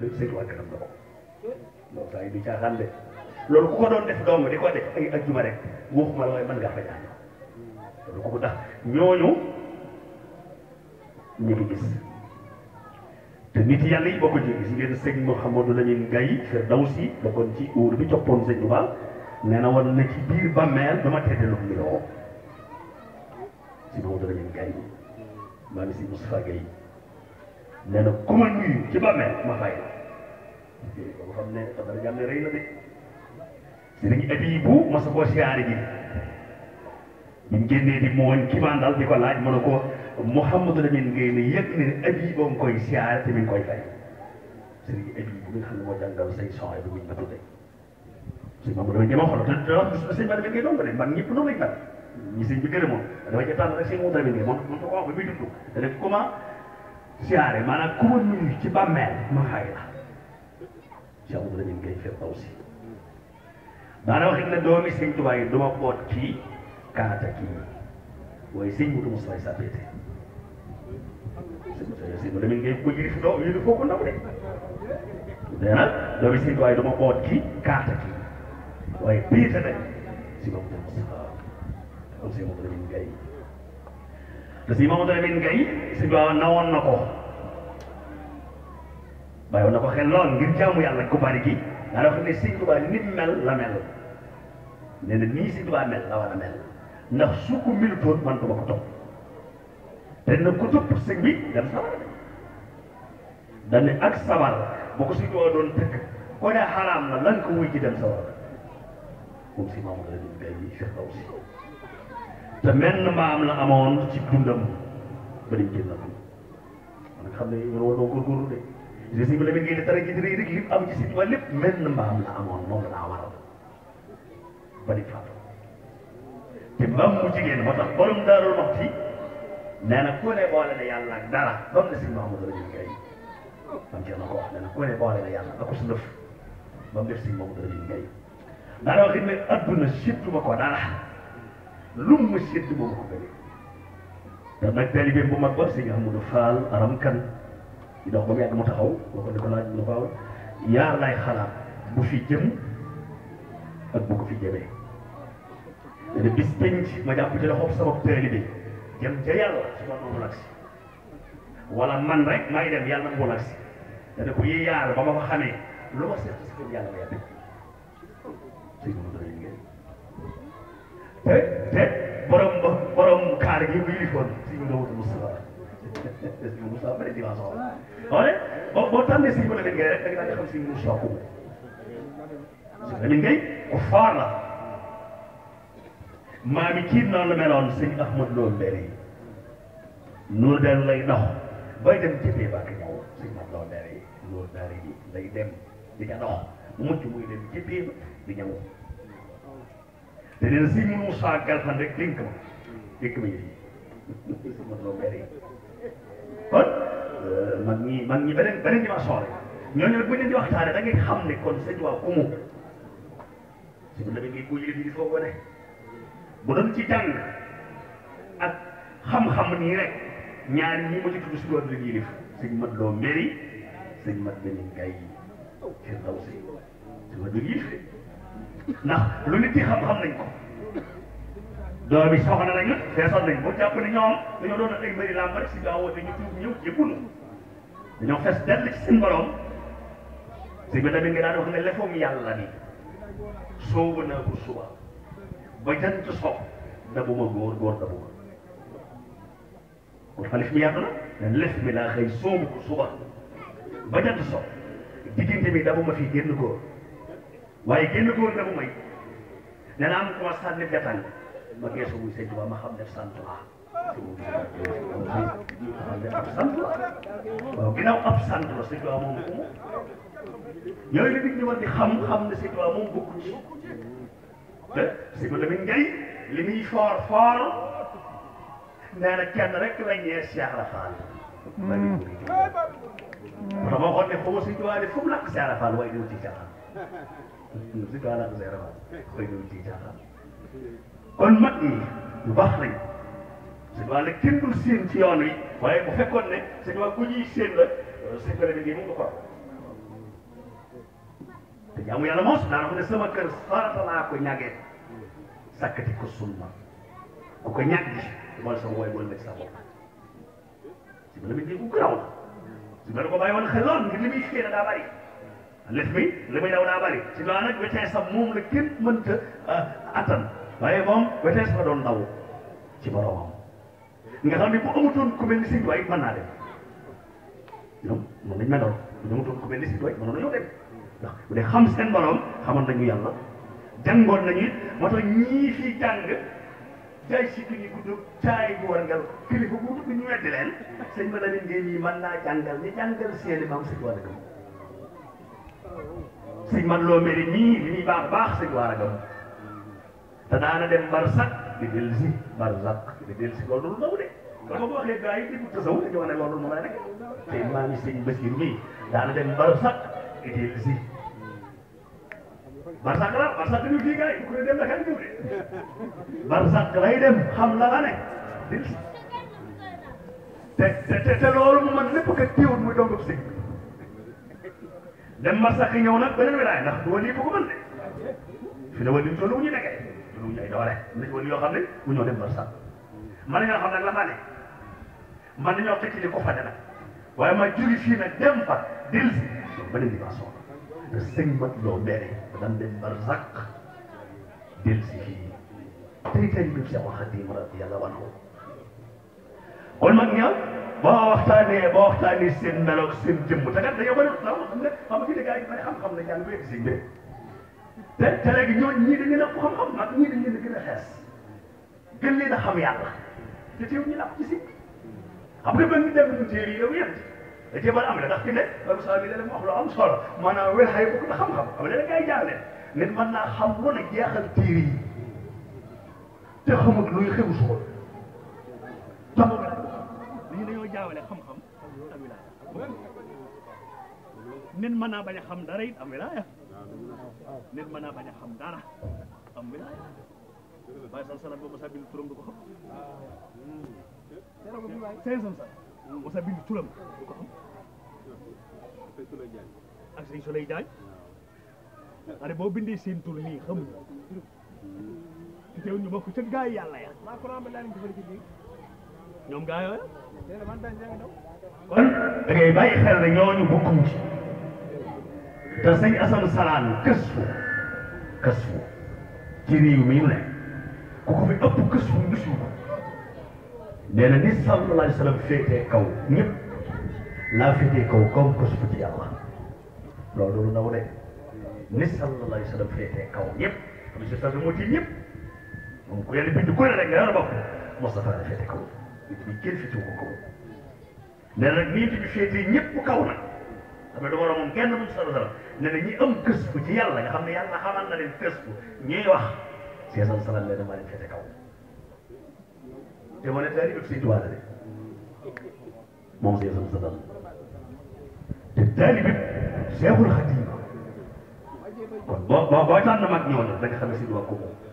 lépp sëñ waa këram loolu ku ko doon def dong di ko def ay ajjuma rek waxuma la waaye mën ngaa fa jàng loolu ku ko tax ñooñu ñu ngi gis te nit yàlla yi boo ko gis ngeen sëñ Mouhamadou Lamine Gaye Firdawsi bokkoon ci uur bi coppoon sëñ Tuubaa nee na woon na ci biir bàmmeel dama tedde lu mu niroo si Mouhamadou Lamine Gaye maa ngi si Moustapha Gaye nee na ku ma nuyu ci bàmmeel ma fay la ba xam ne Sabara Diagne rëy na de sëriñ Abibu ma sa koo siyaare ji bi mu génnee di mooñ ki ma dal ko laaj mu ne ko Mouhamadou Lamine Gueye ne yëg ne ne Abibu nga koy siyaare koy fay sëriñ Abibu mi nga xam ne moo jàngal say son bi buñ ma tuddee sëñ Mamadou Lamine Gueye ma xool te wax sëñ Mamadou Lamine Gueye doon de man ñëpp noonu bi gërëmoon dama ca siyaare maanaam ku ma nuyu ci bàmmeel ma fay la Cheikh Abdou Lahad Gaye Firdawsi daana wax ne doomi sëñ Tuubaa yi duma boot kii kaata kii waaye sëñ Mudu Mustafa Sabete sëñ Abdou Lahad Gaye ko yilif doo yilif ko ndaw de nee na doomi sëñ Tuubaa yi duma boot kii kaata kii waaye biite nañ si Mudu Mustafa am sëñ Abdou Lahad Gaye te si Mamadou Lamine Gaye si Tiwaawan nawoon na ko bàyyoon na ko xel lool ngir jaamu yàlla ku bari gi nga ne Sëñ Tuubaa nit mel la mel mel la a mel ndax su ko milutoon man duma ko topp te na ko topp sëñ bi dem sabar ak sabar boo ko Sëñ Tuubaa doon tëkk ko ne xaraam na lan ko wuy ci dem sabar moom si Mamadou Lamine Gaye yi Firdawsi te menn mbaam la amoon ci dundam ba dañ génn ko man xam ne yow war doo góorgóorlu de je sais que la ngeen tara gi rek li am ci si wàll lépp menn mbaam la amoon moom laa waral ba di faatu te mbaam mu jigéen moo tax borom daarul waxti nee na ku ne boole na yàlla ak dara ba mu ne si Mahamadou Lamine Gaye am ci na ko wax nee na ku ne boole na yàlla ak su lëf ba mu def si Mahamadou Lamine Gaye daana wax it ne adduna sittu ma ko dara lu mu sédd moom ko gëne te nag talibé bu mag ba sëñ Amadou Fall aram kan di dox ba mu yàgg mu taxaw boo ko dafa laaj mu baaw lay xalaat bu fi jëm ak bu ko fi bis ma ci sama talibé jëm ca yàlla su ma noonu lagsi wala man rek may dem yàlla mu lagsi dana ko yee yaar ba ma fa xamee lu ma te te borom ba borom kaar gi mu yilifoon sëñ Mamadou Moustapha sëñ Moustapha bëri dimension la waaye boo boo tànnee sëñ Mamadou Ngay rek da nga daan xam sëñ Moustapha ko sëñ Mamadou ku faar la maam yi kii la meloon sëñ Ahmad loolu mbere yi noonu lay dox bay dem jëndee bàkk ñëw sëñ Ahmad loolu mbere yi loolu daal lay dem di ca dox mucc muy dem jëndee di ñëw te nee na si mënu saa galfan rek dénk ma dénk ma ñu fi mën loo may kon mag ñi mag ñi beneen beneen dimension rek ñooñu bu ñu leen di waxtaane xam ne kon sëñ waa ku mu su ko defee ngay ko yëg di ci ak xam-xam nii rek ñaari ñi ma ci si loolu meri sëñ mat beneen gay yi seen ndaw si su ma ndax lu nit yi xam-xam nañ ko doomi soxna lañu feesal nañ ko jàpp ne ñoom dañoo doon ay mbëri làmb rek si gaaw woote ñu fees dell ci seen borom sëñ bi tamit nga daan wax ne lefoom yàlla ni soobu naa ko suba ba jant so dabuma góor góor dabuma kon xalif mi yàgg na ne lef mi laa xëy soobu ko suba ba jant so diggante bi dabuma fi génn góor waaye génn góor na mu may nee naa am ku ma sànni gataan ma geesu muy sëñ ma xam ne sant la sant la waaw ginnaaw ab sant la sëñ Tuubaa moom la nit ñi war di xam-xam ne li muy mm. ne ko ne foofu sëñ Tuubaa de fu mu lakk Cheikh la Fall zikara zai kon mag ñi lu baax lañ sëñ waa nag kenn ci yoon wi waaye bu fekkoon ne sëñ waa ku ñuy séen la euh, sëñ bi rek moom du ko te jaamu yàlla moos daanaka ne sama kër farata laa ko ñàggee sàkkati ko sunna ku ko ñàgg mooy sama woy mooy nekk sa bopp si ma la ma ku garaaw si ma la ko bàyyi xeloon ngir li muy séen daa bari lëf mi la muy daw daa bëri si loolu nag vitesse am moom la kenn mënta attan waaye moom vitesse fa doon daw ci boromam nga xam ne bu amutoon ku mel ni Sëñ Tuubaa it mën naa dem ñoom noonu xam seen borom xamoon nañu yàlla jàngoon nañu it moo tax ñii fii jàng jaay si kii gudd caay bu war bu gudd ñu weddi leen sëñ ba la leen ngeen ñii man naa jàngal ñu jàngal seeni maam Sëñ Tuubaa sëñ man loo mel nii baax baax sëñ waar a gëm te daana dem barsak di del si barsak di del si loolu loolu daw de kon ma ko waxee gars yi déglu tasawu dañu wax ne loolu mën na nekk te maa ngi sëñ Basiru mii daana dem barsak di del si barsak la barsak ñu fii gars yi ku ne dem la kan ñëw de barsak lay dem xam la la nekk te te loolu mu man lépp kat teewul muy doon sëñ dem Marsaq ñëw nag beneen wilaay ndax du wali bu ko mën de fi ne wali tollu ñu nekkee tollu ñu ay doole nañ wali yoo xam ne bu ñëw dem Marsaq man ñoo xam nag la ma ne man nañoo fekk li ko fa nag waaye ma jógi fii nag dem fa dil si beneen dimension la te sëñ mat loo beere daan dem Marsaq dil si fii tey tey bi Seexul Xadiim radiyallaahu anhu kon mag ñëw boo waxtaanee boo waxtaanee seen melo seen jëmm te kat dañoo bëri a ma xam ne xam nga fii de gars yi dañu xam-xam ne jàng wéeg si de te te léegi ñooñu ñii dañu leen xam-xam nag ñii dañu leen gën a xees gën leen a xam yàlla te teew ñu làpp ci si xam nga benn dem ñu téere yi yow yéen da cee bëri am la ndax fi ne loolu saa bi léeg-léeg mu wax lu am solo maanaam wér xëy bokk na xam-xam xam nga léeg-léeg gars nit mën naa xam lu ne jeexal téere yi te xamul luy xew suba jaawale xam-xam ak wilaaya nit mën naa bañ a xam dara it am wilaaya nit mën naa bañ a xam dara am wilaaya waaye san salat boobu mosa bind turam du ko xam sëñ san salat mosa bind turam du ko xam ak sëñ Souley Diagne xare boo bindee seen tur nii xamuñu teew ñu bokk ca gaay yàlla ya ñoom gaa yooya kon da ngay bàyyi xel ne ci te sëñ Assane Salaan kës fu kës fu ci réew mi ne ku fi ëpp kës fu gisu ko nee ni sallallahu alayhi wa sallam féetee kaw ñëpp laa féetee kaw kaw kës ci yàlla loolu lu ndaw ni sallallahu alayhi wa sallam féetee kaw ñëpp monsieur Sall moo ci ñëpp moom ku yàlla bind ku ne rek nga yor bopp Moustapha la féetee kaw kenn fitiwu ko kaw nee nag nii tamit féet yi ñëpp kaw nag xam ne du war a moom kenn mun sala sala nee na ñi am kës bu ci yàlla nga xam ne yàlla xamal na leen kës bu ñuy wax see sal salal leen maa leen fete kaw te ma ne taari si tuwaa la de moom see sal salal te taari bi seexul xadim kon boo boo boo tànn mag ñoo nag da nga xam ne si duwa ko moom